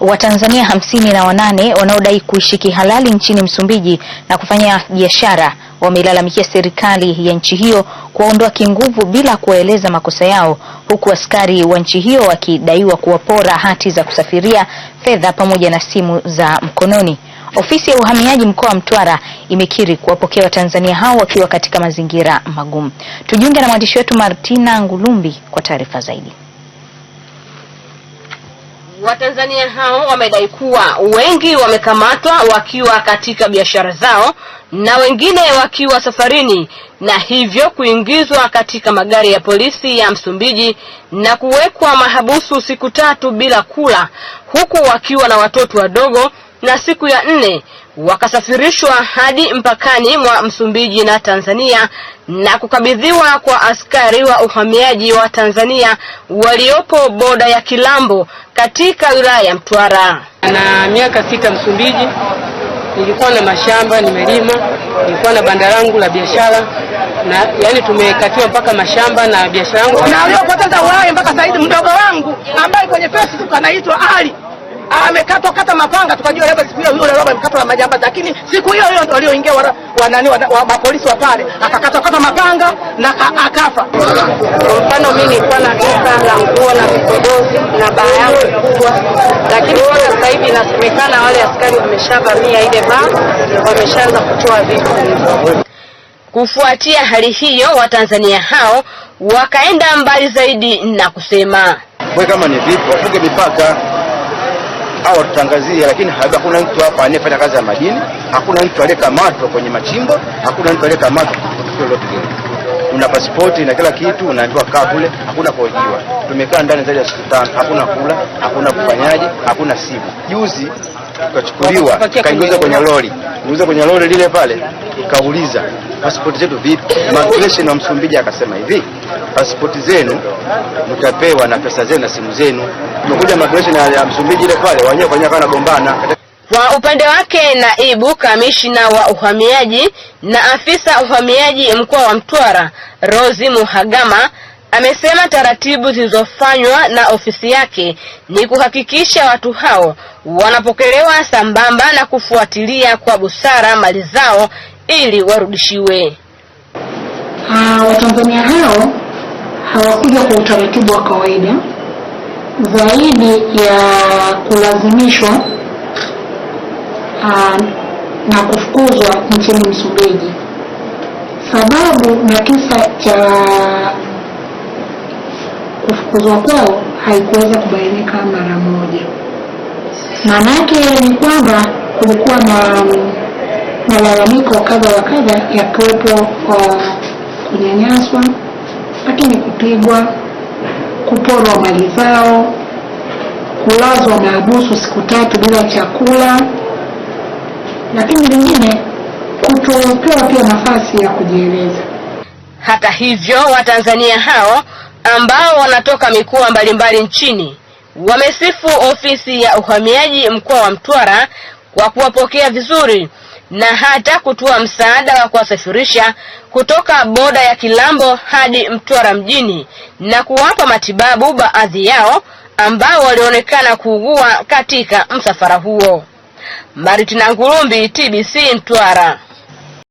Watanzania hamsini na wanane wanaodai kuishi kihalali nchini Msumbiji na kufanya biashara wamelalamikia serikali ya nchi hiyo kuwaondoa kinguvu bila kuwaeleza makosa yao, huku askari wa nchi hiyo wakidaiwa kuwapora hati za kusafiria, fedha pamoja na simu za mkononi. Ofisi ya uhamiaji mkoa wa Mtwara imekiri kuwapokea Watanzania hao wakiwa katika mazingira magumu. Tujiunge na mwandishi wetu Martina Ngulumbi kwa taarifa zaidi. Watanzania hao wamedai kuwa wengi wamekamatwa wakiwa katika biashara zao na wengine wakiwa safarini na hivyo kuingizwa katika magari ya polisi ya Msumbiji na kuwekwa mahabusu siku tatu bila kula, huku wakiwa na watoto wadogo, na siku ya nne wakasafirishwa hadi mpakani mwa Msumbiji na Tanzania na kukabidhiwa kwa askari wa uhamiaji wa Tanzania waliopo boda ya Kilambo katika wilaya ya Mtwara. Na miaka sita Msumbiji, nilikuwa na mashamba nimelima, nilikuwa na banda langu la biashara na yani tumekatiwa mpaka mashamba na biashara yangu, na tanda uhai mpaka saizi mdogo wangu ambaye kwenye Facebook anaitwa Ali amekatwa kata mapanga, tukajua labda siku hiyo yule roba amekatwa na majambazi, lakini siku hiyo hiyo ndio walioingia wa nani wa mapolisi wa pale, akakatwa kata mapanga na akafa. Kwa mfano mimi nilikuwa na kisa la nguo na vipodozi na baa yangu kubwa, lakini kwa sasa hivi inasemekana wale askari wameshavamia ile baa, wameshaanza kutoa vitu Kufuatia hali hiyo, watanzania hao wakaenda mbali zaidi na kusema we, kama ni vipi wafunge mipaka au tutangazie, lakini hakuna mtu hapa anayefanya kazi ya madini, hakuna mtu aliyekamatwa kwenye machimbo, hakuna mtu aliyekamatwa tukio lolote Una pasipoti na kila kitu, unaambiwa kaa kule, hakuna kuojiwa Tumekaa ndani zaidi ya siku tano, hakuna kula, hakuna kufanyaje, hakuna simu. Juzi tukachukuliwa tukaingizwa kwenye lori, ingizwa kwenye lori lile pale, kauliza pasipoti zetu vipi? Immigration wa Msumbiji akasema hivi, pasipoti zenu mtapewa na pesa zenu na simu zenu. Tumekuja immigration ya Msumbiji ile pale wenyewe wenyewe wanagombana. Kwa upande wake, naibu kamishna wa uhamiaji na afisa uhamiaji mkoa wa Mtwara Rosi Muhagama amesema taratibu zilizofanywa na ofisi yake ni kuhakikisha watu hao wanapokelewa sambamba na kufuatilia kwa busara mali zao ili warudishiwe. Ha, ah, Watanzania hao hawakuja kwa utaratibu wa kawaida zaidi ya kulazimishwa ha, ah, na kufukuzwa nchini Msumbiji. Sababu na kisa cha kufukuzwa kwao haikuweza kubainika mara moja. Maana yake ni kwamba kulikuwa na malalamiko kadha wa kadha yakiwepo kwa uh, kunyanyaswa, lakini kupigwa, kuporwa mali zao, kulazwa abusu siku tatu bila chakula, lakini lingine kutopewa pia nafasi ya kujieleza. Hata hivyo, Watanzania hao ambao wanatoka mikoa mbalimbali nchini wamesifu ofisi ya uhamiaji mkoa wa Mtwara kwa kuwapokea vizuri na hata kutoa msaada wa kuwasafirisha kutoka boda ya Kilambo hadi Mtwara mjini na kuwapa matibabu baadhi yao ambao walionekana kuugua katika msafara huo. Maritina Ngurumbi, TBC Mtwara.